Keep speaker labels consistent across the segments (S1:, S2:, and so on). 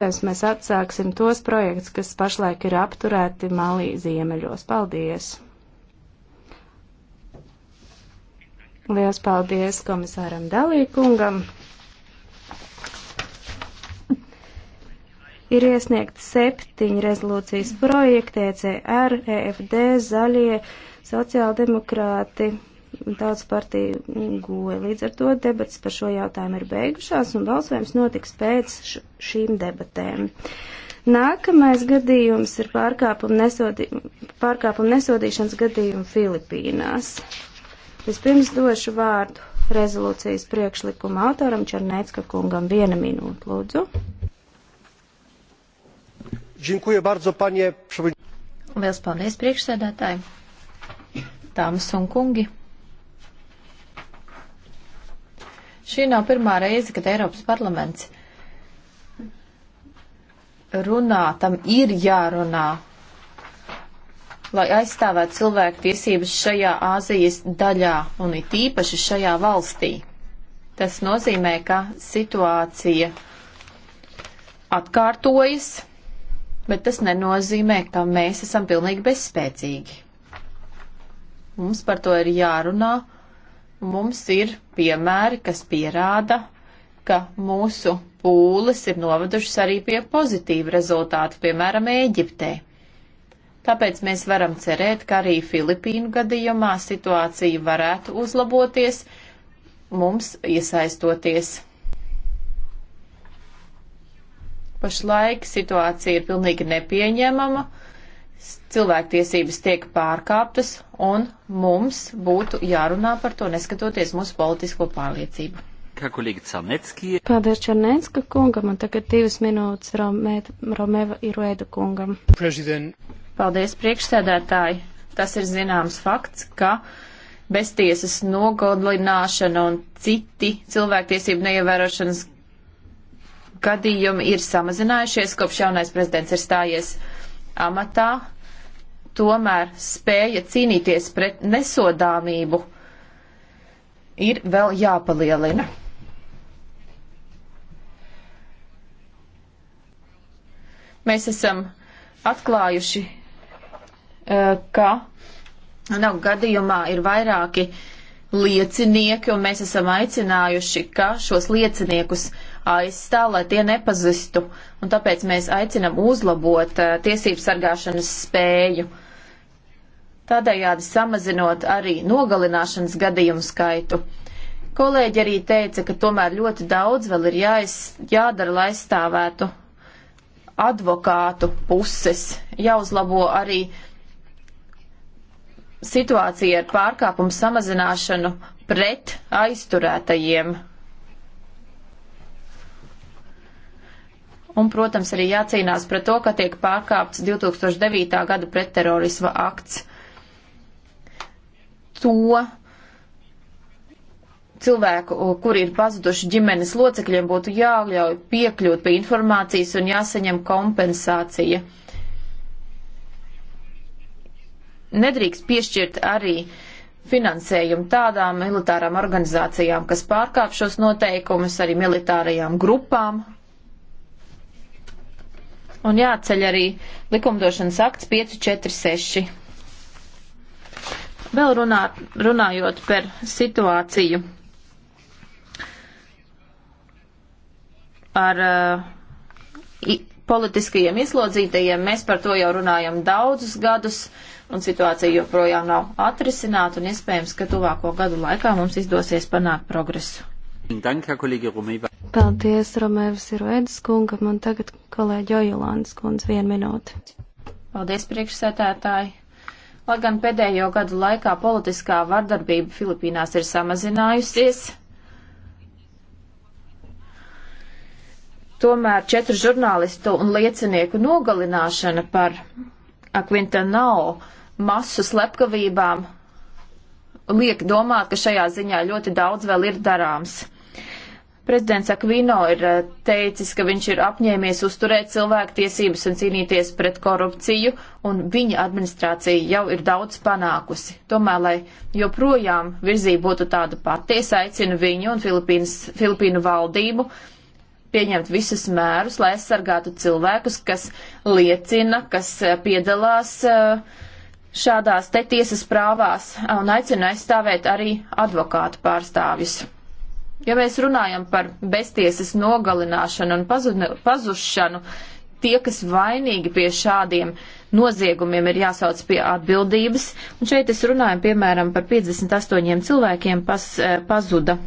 S1: Protams, mēs atsāksim tos projektus, kas pašlaik ir apturēti Malī ziemeļos. Paldies! Lielas paldies komisāram Dalīkungam! Ir iesniegti septiņi rezolūcijas projekti ECR, EFD, Zaļie, sociāldemokrāti tautas partija goja. Līdz ar to debats par šo jautājumu ir beigušās un balsojums notiks pēc šīm debatēm. Nākamais gadījums ir pārkāpuma, nesodi, pārkāpuma nesodīšanas gadījuma Filipīnās. Vispirms došu vārdu rezolūcijas priekšlikuma autoram Černēcka kungam viena minūte, lūdzu. Bardzo, panie...
S2: Liels paldies priekšsēdētāji, dāmas un kungi. Šī nav pirmā reize, kad Eiropas parlaments runā, tam ir jārunā, lai aizstāvētu cilvēku tiesības šajā Āzijas daļā un it īpaši šajā valstī. Tas nozīmē, ka situācija atkārtojas, bet tas nenozīmē, ka mēs esam pilnīgi bezspēcīgi. Mums par to ir jārunā mums ir piemēri, kas pierāda, ka mūsu pūles ir novedušas arī pie pozitīva rezultāta, piemēram, Ēģiptē. Tāpēc mēs varam cerēt, ka arī Filipīnu gadījumā situācija varētu uzlaboties mums iesaistoties. Pašlaik situācija ir pilnīgi nepieņemama, cilvēktiesības tiek pārkāptas, un mums būtu jārunā par to, neskatoties mūsu politisko pārliecību.
S1: Paldies Černecka kungam, un tagad divas minūtes Romēva Rome, Iruēda kungam.
S2: President. Paldies priekšsēdētāji. Tas ir zināms fakts, ka beztiesas nogodlināšana un citi cilvēktiesību neievērošanas gadījumi ir samazinājušies, kopš jaunais prezidents ir stājies amatā, tomēr spēja cīnīties pret nesodāmību ir vēl jāpalielina. Mēs esam atklājuši, e, ka nav gadījumā ir vairāki liecinieki, un mēs esam aicinājuši, ka šos lieciniekus aizstāv, lai tie nepazistu. Un tāpēc mēs aicinam uzlabot uh, tiesību sargāšanas spēju. Tādējādi samazinot arī nogalināšanas gadījumu skaitu. Kolēģi arī teica, ka tomēr ļoti daudz vēl ir jāiz, jādara, lai aizstāvētu advokātu puses. Jāuzlabo arī situācija ar pārkāpumu samazināšanu pret aizturētajiem Un, protams, arī jācīnās pret to, ka tiek pārkāpts 2009. gada pretterorisma akts. To cilvēku, kuri ir pazuduši ģimenes locekļiem, būtu jāļauj piekļūt pie informācijas un jāsaņem kompensācija. Nedrīkst piešķirt arī finansējumu tādām militārām organizācijām, kas pārkāp šos noteikumus, arī militārajām grupām, un jāceļ arī likumdošanas akts 546. Vēl runā, runājot par situāciju ar uh, politiskajiem ieslodzītajiem, mēs par to jau runājam daudzus gadus, un situācija joprojām nav atrisināta, un iespējams, ka tuvāko gadu laikā mums izdosies panākt progresu. Dank, Paldies,
S1: Romēvis ir Vēdas kungam, un tagad kolēģi Ojolānas kundz vienu minūti.
S2: Paldies, priekšsētētāji. Lai gan pēdējo gadu laikā politiskā vardarbība Filipīnās ir samazinājusies, tomēr četru žurnālistu un liecinieku nogalināšana par Akvintanao masu slepkavībām liek domāt, ka šajā ziņā ļoti daudz vēl ir darāms. Prezidents Akvino ir eh, teicis, ka viņš ir apņēmies uzturēt cilvēku tiesības un cīnīties pret korupciju, un viņa administrācija jau ir daudz panākusi. Tomēr, lai joprojām virzība būtu tāda pati, es aicinu viņu un Filipīnas, Filipīnu valdību pieņemt visus mērus, lai aizsargātu cilvēkus, kas liecina, kas eh, piedalās eh, šādās te tiesas prāvās, un aicinu aizstāvēt arī advokātu pārstāvjus. Ja mēs runājam par beztiesas nogalināšanu un pazudne, pazušanu, tie, kas vainīgi pie šādiem noziegumiem, ir jāsauc pie atbildības. Un šeit es runāju, piemēram, par 58 cilvēkiem, kas eh, pazuda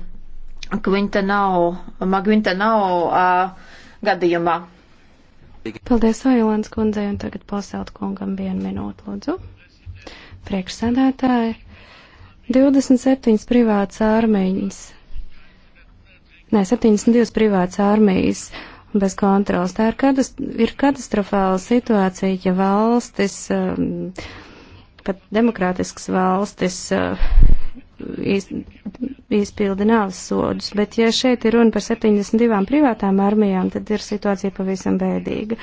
S2: Kvintanao, Magvintanao uh, gadījumā.
S1: Paldies, Vailants kundzei, un tagad posēlt kungam vienu minūtu, lūdzu. Priekšsēdētāji, 27 privāts ārmeņas nē, 72 privātas armijas bez kontrols. Tā ir, katast ir katastrofāla situācija, ja valstis, um, pat demokrātiskas valstis, uh, iz, izpilda nāves sodus, bet ja šeit ir runa par 72 privātām armijām, tad ir situācija pavisam bēdīga.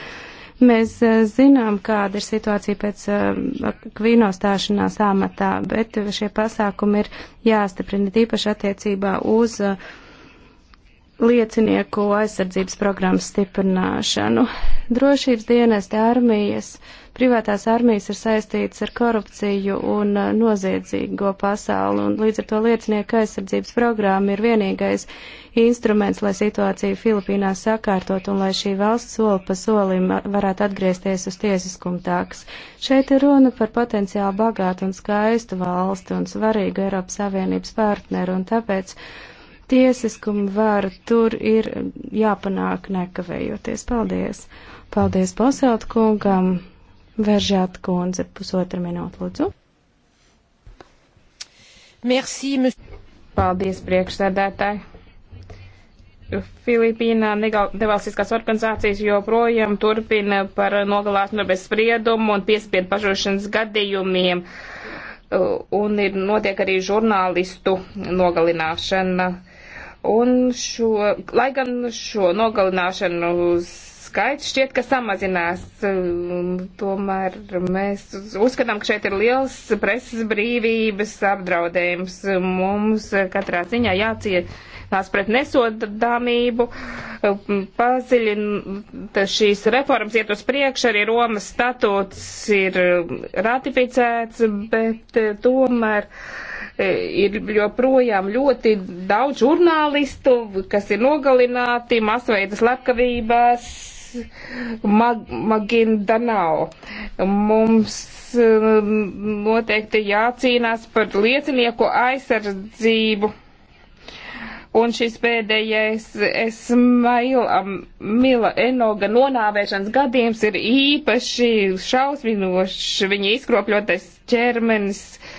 S1: Mēs uh, zinām, kāda ir situācija pēc uh, Kvīno stāšanās amatā, bet šie pasākumi ir jāstiprina tīpaši attiecībā uz uh, liecinieku aizsardzības programmas stiprināšanu. Drošības dienesti armijas, privātās armijas ir saistītas ar korupciju un uh, noziedzīgo pasauli, un līdz ar to liecinieku aizsardzības programma ir vienīgais instruments, lai situāciju Filipīnās sakārtot un lai šī valsts soli pa solim varētu atgriezties uz tiesiskumu tāks. Šeit ir runa par potenciāli bagātu un skaistu valsti un svarīgu Eiropas Savienības partneru, un tāpēc tiesiskumu varu, tur ir jāpanāk nekavējoties. Paldies! Paldies Boselt kungam! Veržāt kundze, pusotra minūte, lūdzu.
S3: Merci, monsieur. Paldies, priekšsēdētāji. Filipīnā nevalstiskās organizācijas joprojām turpina par nogalāšanu bez spriedumu un piespiedu pažūšanas gadījumiem. Un ir notiek arī žurnālistu nogalināšana. Uh, Un šo, lai gan šo nogalināšanu skaits šķiet, ka samazinās, tomēr mēs uzskatām, ka šeit ir liels preses brīvības apdraudējums. Mums katrā ziņā jācietās pret nesodāmību, paziļināt šīs reformas, iet uz priekšu, arī Romas statūts ir ratificēts, bet tomēr. Uh, E, ir joprojām ļoti daudz žurnālistu, kas ir nogalināti masveidas lepkavībās. Mag, Magindanao. Mums um, noteikti jācīnās par liecinieku aizsardzību. Un šis pēdējais Esmaila Mila Enoga nonāvēšanas gadījums ir īpaši šausminošs. Viņa izkropļotais ķermenis uh,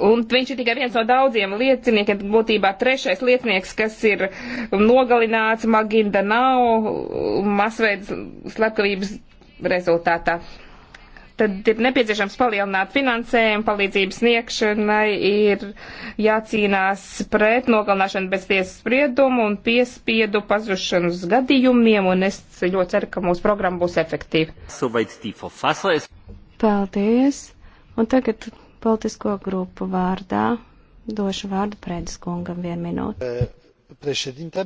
S3: Un viņš ir tikai viens no daudziem lieciniekiem, būtībā trešais liecinieks, kas ir nogalināts Maginda Nau masveids slepkavības rezultātā. Tad ir nepieciešams palielināt finansējumu, palīdzības sniegšanai ir jācīnās pret nogalināšanu bez tiesas spriedumu un piespiedu pazušanas gadījumiem, un es ļoti ceru, ka mūsu programma būs efektīva.
S1: Paldies! Un tagad Politisko grupu vārdā došu vārdu Prēdis kungam
S2: vienu minūti. Eh, Prešedinte,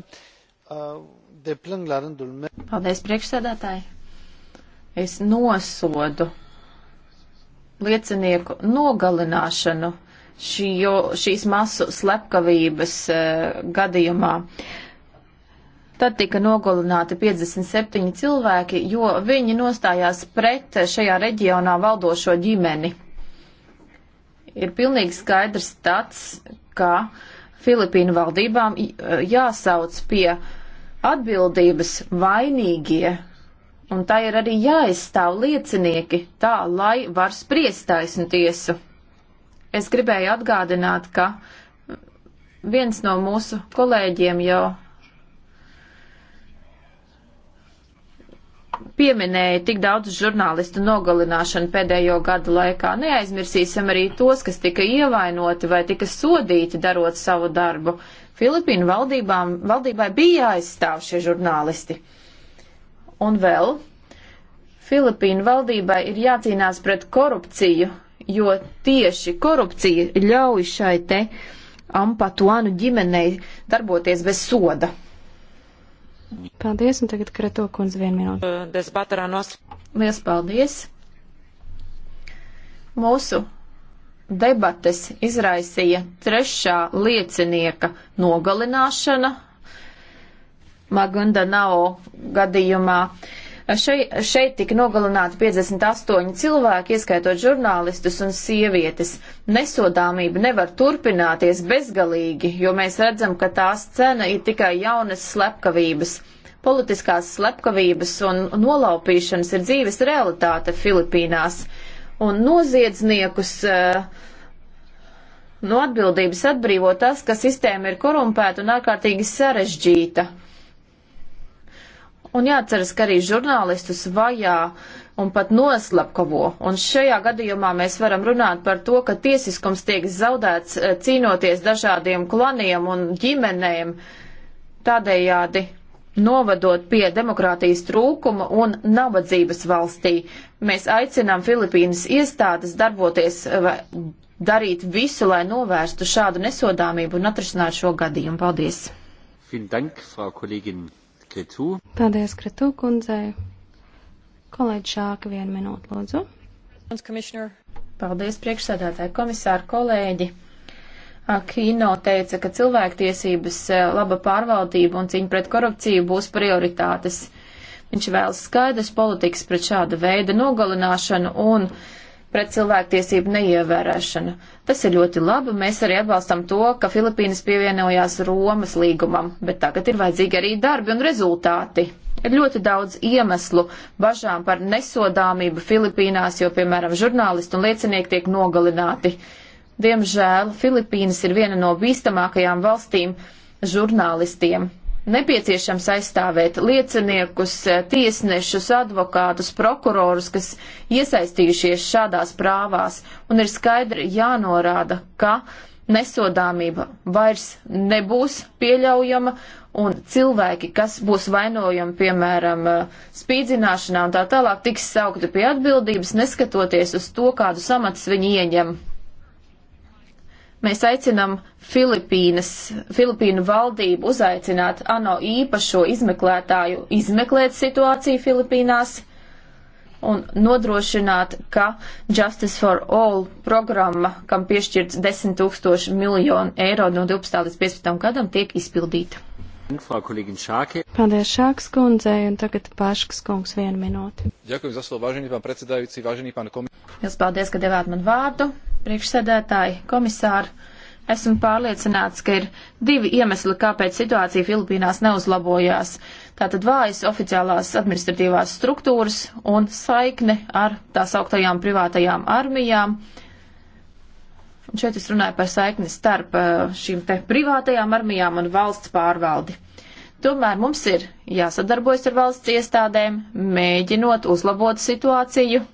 S2: deplâng la rândul meu. Paldies, priekšsēdētāji. Es nosodu liecinieku nogalināšanu šī, jo, šīs masu slepkavības uh, gadījumā. Tad tika nogalināti 57 cilvēki, jo viņi nostājās pret šajā reģionā valdošo ģimeni. Ir pilnīgi skaidrs tāds, ka Filipīnu valdībām e, jāsauc pie atbildības vainīgie, un tā ir arī jāizstāv liecinieki tā, lai var spriest taisnu tiesu. Es gribēju atgādināt, ka viens no mūsu kolēģiem jau pieminēja tik daudz žurnālistu nogalināšanu pēdējo gadu laikā. Neaizmirsīsim arī tos, kas tika ievainoti vai tika sodīti darot savu darbu. Filipīnu valdībām, valdībai bija jāizstāv šie žurnālisti. Un vēl, Filipīnu valdībai ir jācīnās pret korupciju, jo tieši korupcija ļauj šai te Ampatuanu ģimenei darboties bez soda. Paldies, un tagad Kreto kundze vienu minūti.
S1: Uh, Dezbatarā nos.
S2: Liels paldies. Mūsu debates izraisīja trešā liecinieka nogalināšana Magunda Nao gadījumā. Šeit, šeit tika nogalināti 58 cilvēki, ieskaitot žurnālistus un sievietes. Nesodāmība nevar turpināties bezgalīgi, jo mēs redzam, ka tās cena ir tikai jaunas slepkavības. Politiskās slepkavības un nolaupīšanas ir dzīves realitāte Filipīnās, un noziedzniekus uh, no atbildības atbrīvo tas, ka sistēma ir korumpēta un ārkārtīgi sarežģīta. Un jāatceras, ka arī žurnālistus vajā un pat noslapkavo. Un šajā gadījumā mēs varam runāt par to, ka tiesiskums tiek zaudēts eh, cīnoties dažādiem klaniem un ģimenēm, tādējādi novadot pie demokrātijas trūkuma un nabadzības valstī. Mēs aicinām Filipīnas iestādes darboties, eh, darīt visu, lai novērstu šādu nesodāmību un atrisināt šo gadījumu. Paldies!
S3: Vielen Dank, Frau Kollegin Kretu.
S2: Paldies, Kretu kundzei. Kolēģi Šāka, vienu minūtu, lūdzu. Paldies, priekšsēdētāji, komisāri, kolēģi. Kino teica, ka cilvēktiesības, eh, laba pārvaldība un cīņa pret korupciju būs prioritātes. Viņš vēlas skaidrs politikas pret šādu veidu nogalināšanu un uh, pret cilvēktiesību neievērēšanu. Tas ir ļoti labi, mēs arī atbalstam to, ka Filipīnas pievienojās Romas līgumam, bet tagad ir vajadzīgi arī darbi un rezultāti. Ir ļoti daudz iemeslu bažām par nesodāmību Filipīnās, jo, piemēram, žurnālisti un liecinieki tiek nogalināti. Diemžēl Filipīnas ir viena no bīstamākajām valstīm žurnālistiem nepieciešams aizstāvēt lieciniekus, eh, tiesnešus, advokātus, prokurorus, kas iesaistījušies šādās prāvās, un ir skaidri jānorāda, ka nesodāmība vairs nebūs pieļaujama, un cilvēki, kas būs vainojami, piemēram, eh, spīdzināšanā un tā tālāk, tiks saukti pie atbildības, neskatoties uz to, kādu samats viņi ieņem. Mēs aicinam Filipīnas, Filipīnu valdību uzaicināt ANO īpašo izmeklētāju izmeklēt situāciju Filipīnās un nodrošināt, ka Justice for All programma, kam piešķirts 10 tūkstoši miljonu eiro no 12 līdz 15 gadam, tiek izpildīta. Paldies
S1: Šāks kundzei un tagad
S2: Paškas kungs vienu minūti. Ďakujem za slovo, vážený pán predsedajúci, vážený pán komisār. Jūs paldies, ka devāt man vārdu, priekšsēdētāji, komisāri. Esmu pārliecināts, ka ir divi iemesli, kāpēc situācija Filipīnās neuzlabojās. Tātad vājas oficiālās administratīvās struktūras un saikne ar tās augtajām privātajām armijām. Uh, Un šeit es runāju par saikni starp eh, šīm te privātajām armijām un valsts pārvaldi. Tomēr mums ir jāsadarbojas ar valsts iestādēm, mēģinot uzlabot situāciju.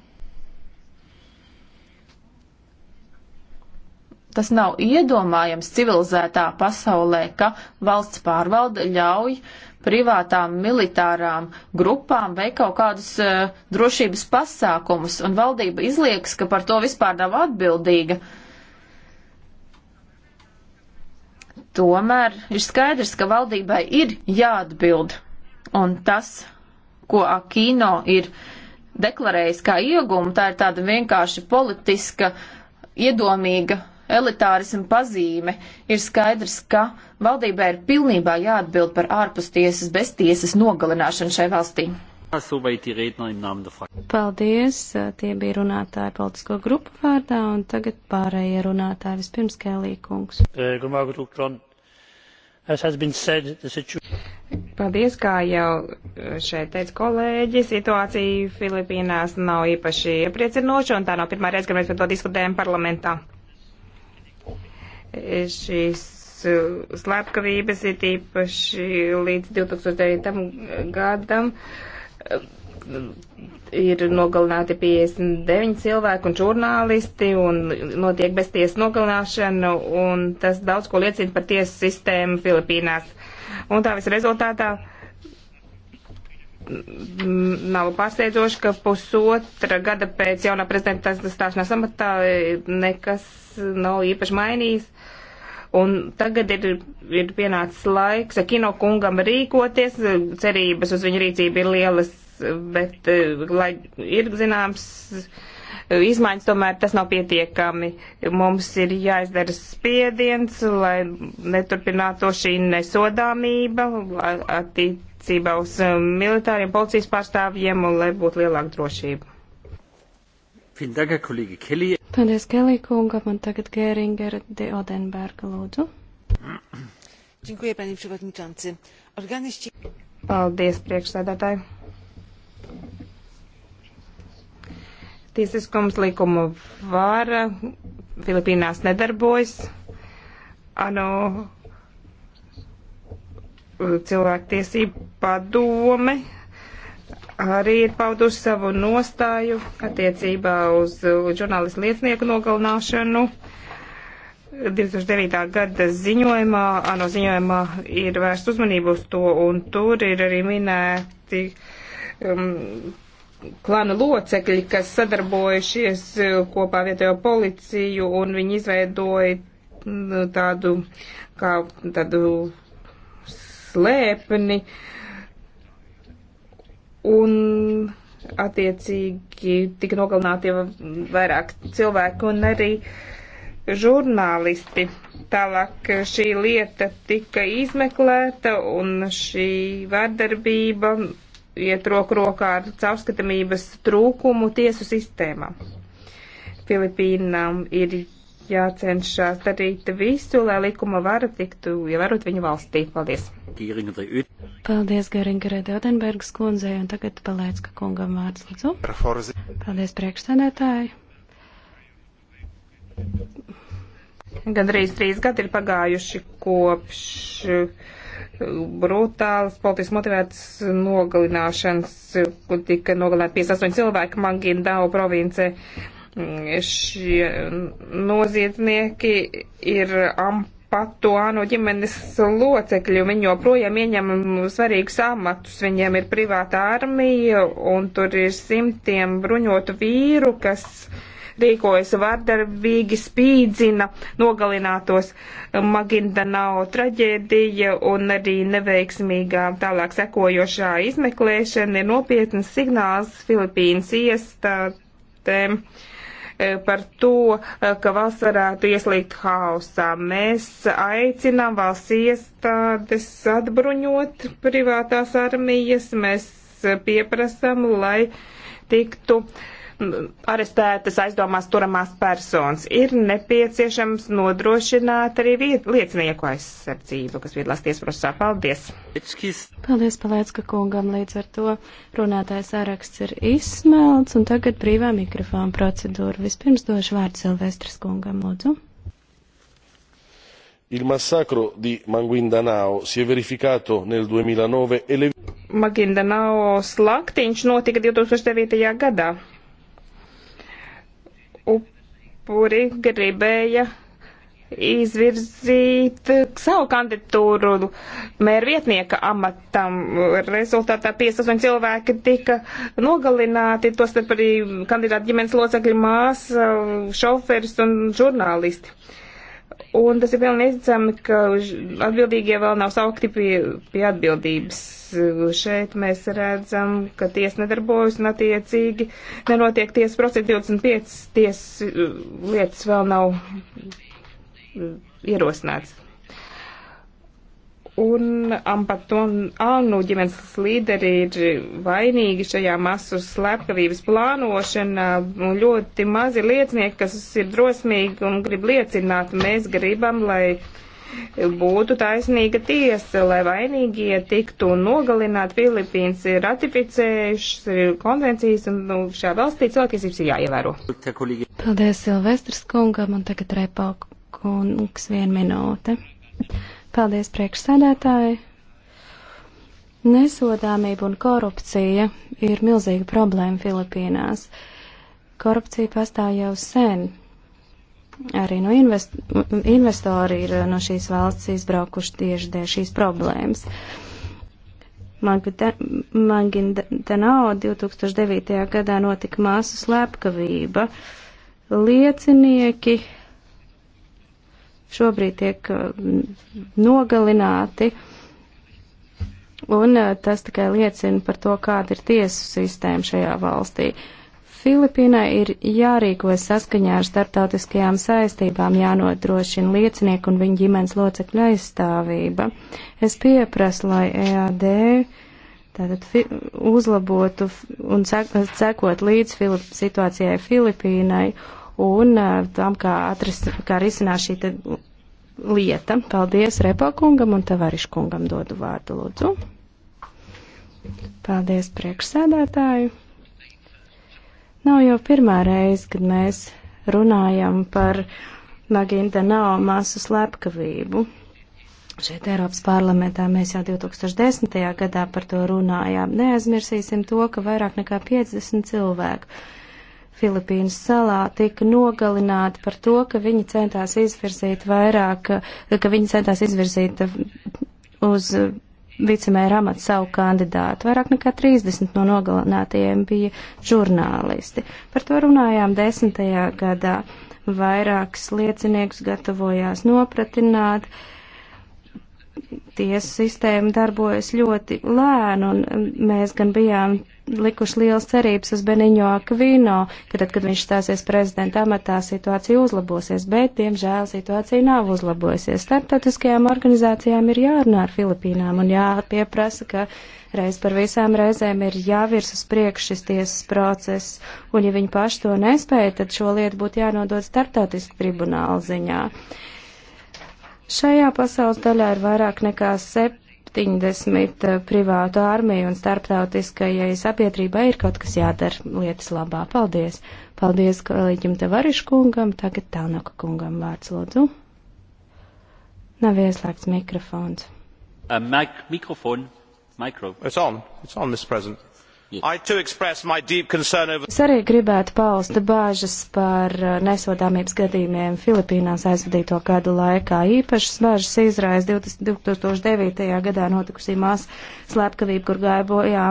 S2: Tas nav iedomājams civilizētā pasaulē, ka valsts pārvalde ļauj privātām militārām grupām veikt kaut kādus uh, drošības pasākumus, un valdība izliekas, ka par to vispār nav atbildīga. Uh, Tomēr ir skaidrs, ka valdībai ir jāatbild, un tas, ko Akino ir deklarējis kā iegumu, tā ir tāda vienkārši politiska, iedomīga elitārisma pazīme. Ir skaidrs, ka valdībai ir pilnībā jāatbild par ārpus tiesas bez tiesas nogalināšanu šai valstī.
S1: Paldies, tie bija runātāji politisko grupu vārdā, un tagad pārējie runātāji vispirms Kēlī kungs.
S3: E, as has been said, the situation.
S1: Paldies, kā jau eh, šeit teica
S3: kolēģi, situācija Filipīnās nav īpaši iepriecinoša, un tā nav pirmā reize, kad mēs par to diskutējam parlamentā. Eh, Šīs eh, slepkavības ir īpaši līdz 2009. gadam ir nogalināti 59 cilvēki un žurnālisti un notiek beztiesa nogalināšana un tas daudz ko liecina par tiesu sistēmu Filipīnās. Un tā visu rezultātā nav pārsteidzoši, ka pusotra gada pēc jaunā prezidenta stāšanās amatā nekas nav īpaši mainījis. Un tagad ir, ir pienācis laiks Kino kungam rīkoties, cerības uz viņu rīcību ir lielas bet, eh, lai ir zināms, eh, izmaiņas tomēr tas nav pietiekami. Mums ir jāizdara spiediens, lai neturpinātu šī nesodāmība attiecībā uz eh, militāriem policijas pārstāvjiem un lai būtu lielāka drošība.
S1: Paldies, Kelī kunga. Man tagad Gēringera de Odenberga lūdzu. Dziękuję, panie przewodniczący. Organy ścigania. Paldies, priekšsēdētāji.
S3: Tiesiskums likuma vara Filipīnās nedarbojas. Ano cilvēktiesību padome arī ir pauduši savu nostāju attiecībā uz žurnālistu liecinieku nogalināšanu. 2009. gada ziņojumā, ANO ziņojumā ir vērst uzmanību uz to, un tur ir arī minēti uh, um, klana locekļi, kas sadarbojušies uh, kopā vietējo policiju, un viņi izveidoja mm, tādu, kā tādu slēpni, un attiecīgi tika nogalināti vairāk cilvēki un arī žurnālisti. Tālāk uh, šī lieta tika izmeklēta un šī vardarbība iet roku rokā ar caurskatāmības trūkumu tiesu sistēmā. Filipīnām ir jācenšas darīt visu, lai likuma vara tiktu ievērot
S1: ja viņu valstī. Paldies! Paldies, Geringarē Deodenbergas kundzei, un tagad palēc, ka kungam vārds lūdzu. Paldies, priekšsēdētāji!
S3: Gandrīz trīs gadi ir pagājuši kopš uh, brutālas politiski motivētas nogalināšanas, kur tika nogalināti 58 cilvēki Mangindao provincē. Mm, šie noziedznieki ir Ampatuāno ģimenes locekļi, viņi joprojām ieņem svarīgus amatus, viņiem ir privāta armija, un tur ir simtiem bruņotu vīru, kas uh, rīkojas vardarbīgi, spīdzina nogalinātos Magindanao traģēdija un arī neveiksmīgā tālāk sekojošā izmeklēšana ir nopietnas signāls Filipīnas iestādēm eh, par to, eh, ka valsts varētu ieslīgt hausā. Mēs aicinām valsts iestādes atbruņot privātās armijas, mēs eh, pieprasam, lai tiktu uh, arestētas aizdomās turamās personas. Ir nepieciešams nodrošināt arī liecinieku aizsardzību, kas piedalās tiesprosā. Paldies!
S1: Paldies, Palēcka kungam! Līdz ar to runātājs saraksts ir izsmelts, un tagad brīvā mikrofona procedūra. Vispirms došu vārdu Silvestras kungam, lūdzu.
S3: Il massacro di Manguindanao si è verificato nel 2009 e le... Magindanao slaktiņš notika 2009. gadā upuri gribēja izvirzīt savu kandidatūru mērvietnieka amatam. Rezultātā 58 cilvēki tika nogalināti, tostarp arī kandidāti ģimenes locekļi, māsa, šoferis un žurnālisti. Un tas ir pilnīgi neizticami, ka atbildīgie vēl nav saukti pie, pie atbildības. Šeit mēs redzam, ka tiesa nedarbojas un attiecīgi nenotiek tiesas procesi 25 tiesas lietas vēl nav mm, ierosināts. Un Ambatonu ģimenes līderi ir vainīgi šajā masu slepkavības plānošanā, un ļoti mazi liecinieki, kas ir drosmīgi un grib liecināt, mēs gribam, lai būtu taisnīga tiesa, lai vainīgie tiktu nogalināti. Filipīns ir ratificējuši konvencijas, un nu, šajā valstī cilvēktiesības ir jāievēro.
S1: Paldies Silvestras kungam, un tagad repaukungs vien minūte. Paldies, priekšsēdētāji! Nesodāmība un korupcija ir milzīga problēma Filipīnās. Korupcija pastāv jau sen. Arī no invest investori ir no šīs valsts izbraukuši tieši dēļ šīs problēmas. Mangindanao 2009. gadā notika māsu slepkavība. Liecinieki šobrīd tiek uh, nogalināti. Un uh, tas tikai liecina par to, kāda ir tiesu sistēma šajā valstī. Filipīnai ir jārīkojas saskaņā ar starptautiskajām saistībām, jānodrošina liecinieku un viņa ģimenes locekļu aizstāvība. Es pieprasu, lai EAD tātad fi, uzlabotu un cekot līdz Filip, situācijai Filipīnai un tam, kā, atris, kā risinās šī lieta. Paldies Repakungam un Tavariškungam dodu vārdu, lūdzu. Paldies priekšsēdētāju. Nav jau pirmā reize, kad mēs runājam par Naginda Nao masu slepkavību. Šeit Eiropas parlamentā mēs jau 2010. gadā par to runājām. Neaizmirsīsim to, ka vairāk nekā 50 cilvēku Filipīnas salā tika nogalināti par to, ka viņi centās izvirzīt vairāk, ka viņi centās izvirzīt uz vicemēra amatu savu kandidātu. Vairāk nekā 30 no nogalinātajiem bija žurnālisti. Par to runājām desmitajā gadā. Vairākas lieciniekus gatavojās nopratināt. Tiesa sistēma darbojas ļoti lēni, un mēs gan bijām likuši liels cerības uz Beniņo Akvino, ka tad, kad viņš stāsies prezidenta amatā, situācija uzlabosies, bet, diemžēl, situācija nav uzlabosies. Starptautiskajām organizācijām ir jārunā ar Filipīnām un jāpieprasa, ka reiz par visām reizēm ir jāvirs uz priekšu šis tiesas process, un ja viņi paši to nespēja, tad šo lietu būtu jānodod starptautisku tribunālu ziņā. Šajā pasaules daļā ir vairāk nekā sep 70 eh, privātu armiju un starptautiskajai sabiedrībai ir kaut kas jādara lietas labā. Paldies! Paldies kolēģim Tavarišu kungam, tagad Tānaka kungam vārds lūdzu. Nav ieslēgts mikrofons.
S3: Uh, mic mikrofon. Micro. It's on. It's on, Mr. President. Es
S1: arī gribētu paust bāžas par uh, nesodāmības gadījumiem Filipīnās aizvadīto gadu laikā. Īpašas bāžas izraisa 2009. gadā notikusī mās slepkavība, kur gāja bojā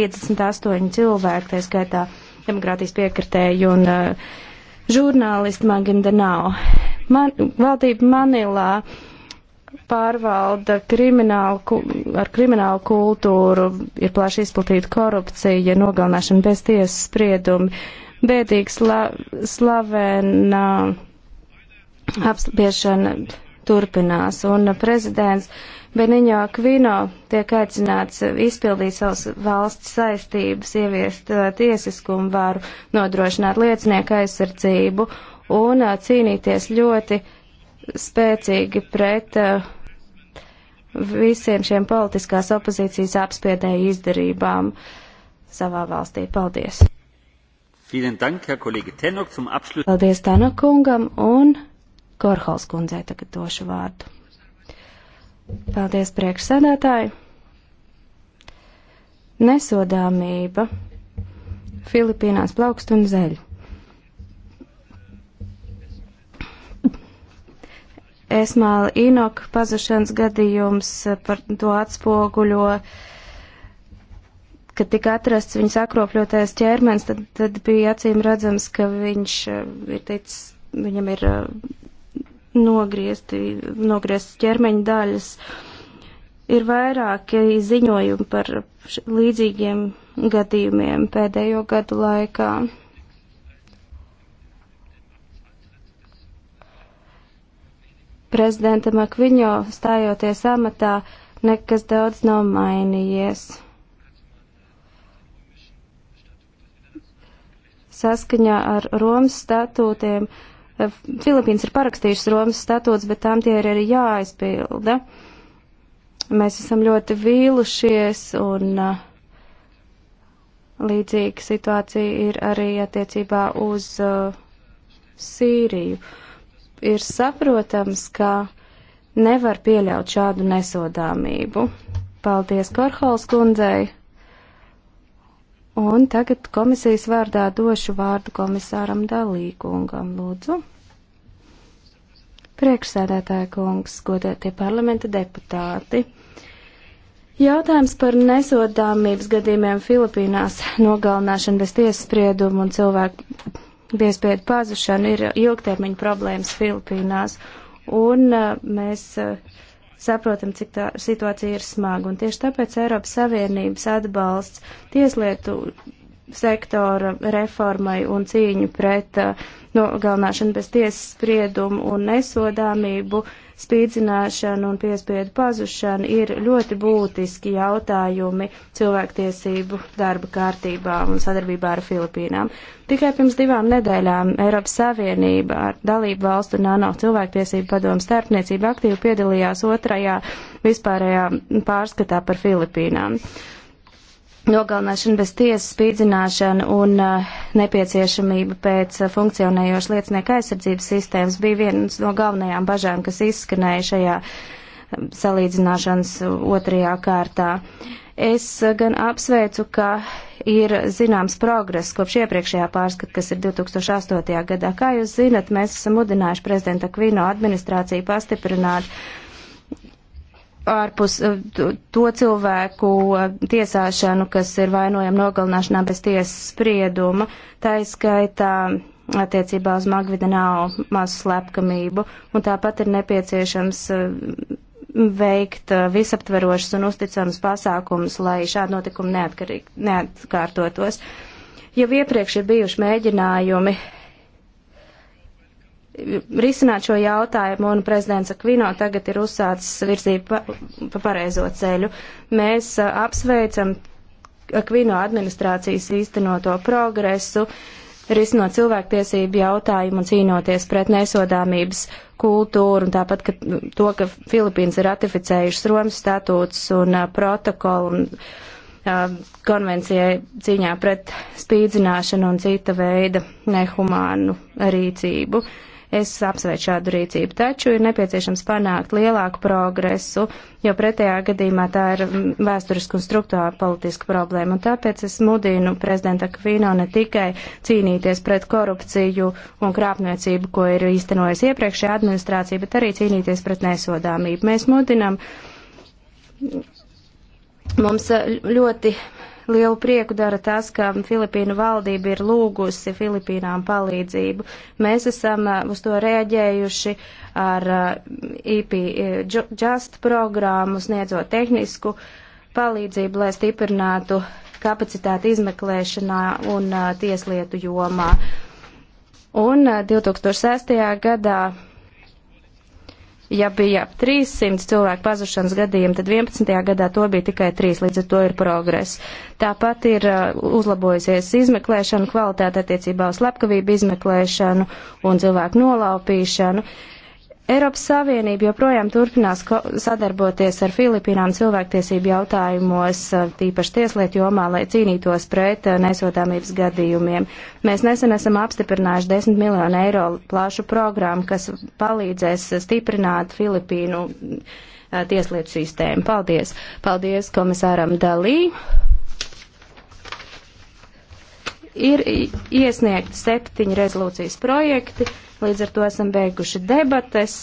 S1: 58 cilvēki, tā skaitā demokrātijas piekritēji un uh, žurnālisti Maginda nav. Man, valdība Manilā pārvalda kriminālu, ar kriminālu kultūru, ir plaši izplatīta korupcija, nogalināšana bez tiesas spriedumi, bēdīga sla, slavena apspiešana turpinās, un prezidents Beniņo Kvino tiek aicināts izpildīt savas valsts saistības, ieviest uh, tiesiskumu varu, nodrošināt liecinieku aizsardzību un uh, cīnīties ļoti uh, spēcīgi pret uh, visiem šiem politiskās opozīcijas apspiedēju izdarībām savā valstī. Paldies!
S3: Dank, Tenok, Paldies
S1: Tanakungam un Korhols kundzei tagad došu vārdu. Paldies priekšsēdētāji! Nesodāmība Filipīnās plaukst un zeļu. Esmāla Inoka pazušanas gadījums eh, par to atspoguļo, kad tika atrasts viņas akropļotais ķermenis, tad, tad bija acīm redzams, ka viņš eh, ir teicis, viņam ir eh, nogriezti, nogriezti ķermeņa daļas. Ir vairāki ziņojumi par līdzīgiem gadījumiem pēdējo gadu laikā. prezidenta Makviņo stājoties amatā, nekas daudz nav mainījies. Saskaņā ar Romas statūtiem, eh, Filipīnas ir parakstījušas Romas statūtus, bet tām tie ir arī jāaizpilda. Mēs esam ļoti vīlušies un uh, līdzīga situācija ir arī attiecībā uz uh, Sīriju. Uh, ir saprotams, ka nevar pieļaut šādu nesodāmību. Paldies Korhols kundzei. Un tagad komisijas vārdā došu vārdu komisāram Dalīkungam, lūdzu. Priekšsēdētāja kungs, godētie parlamenta deputāti. Jautājums par nesodāmības gadījumiem Filipīnās, nogalināšanu bez tiesas spriedumu un cilvēku Piespiedu pazušana ir ilgtermiņa problēmas Filipīnās, un uh, mēs uh, saprotam, cik tā situācija ir smaga, un tieši tāpēc Eiropas Savienības atbalsts tieslietu sektora reformai un cīņu pret uh, nogalināšanu bez tiesas spriedumu un nesodāmību, spīdzināšanu un piespiedu pazušanu ir ļoti būtiski jautājumi cilvēktiesību darba kārtībā un sadarbībā ar Filipīnām. Tikai pirms divām nedēļām Eiropas Savienība ar dalību valstu un ANO cilvēktiesību padomu starpniecību aktīvi piedalījās otrajā vispārējā pārskatā par Filipīnām. Uh, nogalināšana bez tiesas, spīdzināšana un uh, eh, nepieciešamība pēc uh, funkcionējošas liecinieka aizsardzības sistēmas bija viens no galvenajām bažām, kas izskanēja šajā uh, salīdzināšanas otrajā kārtā. Es gan apsveicu, ka ir zināms progress kopš iepriekšējā pārskata, kas ir 2008. gadā. Kā jūs zinat, mēs esam mudinājuši prezidenta Kvino administrāciju pastiprināt uh, ārpus eh, to cilvēku eh, tiesāšanu, kas ir vainojami nogalināšanā bez tiesas sprieduma, tā izskaitā attiecībā uz Magvidenau mazu slepkamību, un tāpat ir nepieciešams eh, veikt visaptverošas un uzticamas pasākumus, lai šādi notikumi neatkārtotos. Jau iepriekš ir bijuši mēģinājumi risināt šo jautājumu, un prezidents Akvino tagad ir uzsācis virzību pa, pa pareizo ceļu. Mēs uh, apsveicam Akvino administrācijas īstenoto progresu, risinot cilvēktiesību jautājumu un cīnoties pret nesodāmības kultūru, un tāpat ka to, ka Filipīnas ir ratificējušas Romas statūtus un uh, protokolu un uh, konvencijai cīņā pret spīdzināšanu un cita veida nehumānu rīcību. Uh, Es apsveicu šādu rīcību, taču ir nepieciešams panākt lielāku progresu, jo pretējā gadījumā tā ir mm, vēsturiska un struktūra politiska problēma. Un tāpēc es mudinu prezidenta Kvīno ne tikai cīnīties pret korupciju un krāpniecību, ko ir īstenojis iepriekšējā administrācija, bet arī cīnīties pret nesodāmību. Mēs mudinam mums ļoti lielu prieku dara tas, ka Filipīnu valdība ir lūgusi Filipīnām palīdzību. Mēs esam uh, uz to rēģējuši ar uh, IP uh, Just programmu, sniedzot tehnisku palīdzību, lai stiprinātu kapacitāti izmeklēšanā un tieslietu jomā. Un 2006. gadā ja bija 300 cilvēku pazušanas gadījumi, tad 11. gadā to bija tikai 3, līdz ar to ir progress. Tāpat ir uh, uzlabojusies izmeklēšana, kvalitāte attiecībā uz slepkavību izmeklēšanu un cilvēku nolaupīšanu. Uh, Eiropas Savienība joprojām turpinās sadarboties ar Filipīnām cilvēktiesību jautājumos, eh, tīpaši tieslietu jomā, lai cīnītos pret eh, nesodāmības gadījumiem. Mēs nesen esam apstiprinājuši 10 miljonu eiro plašu programmu, kas palīdzēs stiprināt Filipīnu eh, tieslietu sistēmu. Paldies! Paldies komisāram Dalī! Ir iesniegti septiņi rezolūcijas projekti, līdz ar to esam beiguši debates.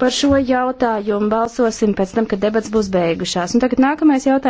S1: Par šo jautājumu balsosim pēc tam, kad debats būs beigušās. Un tagad nākamais jautājums.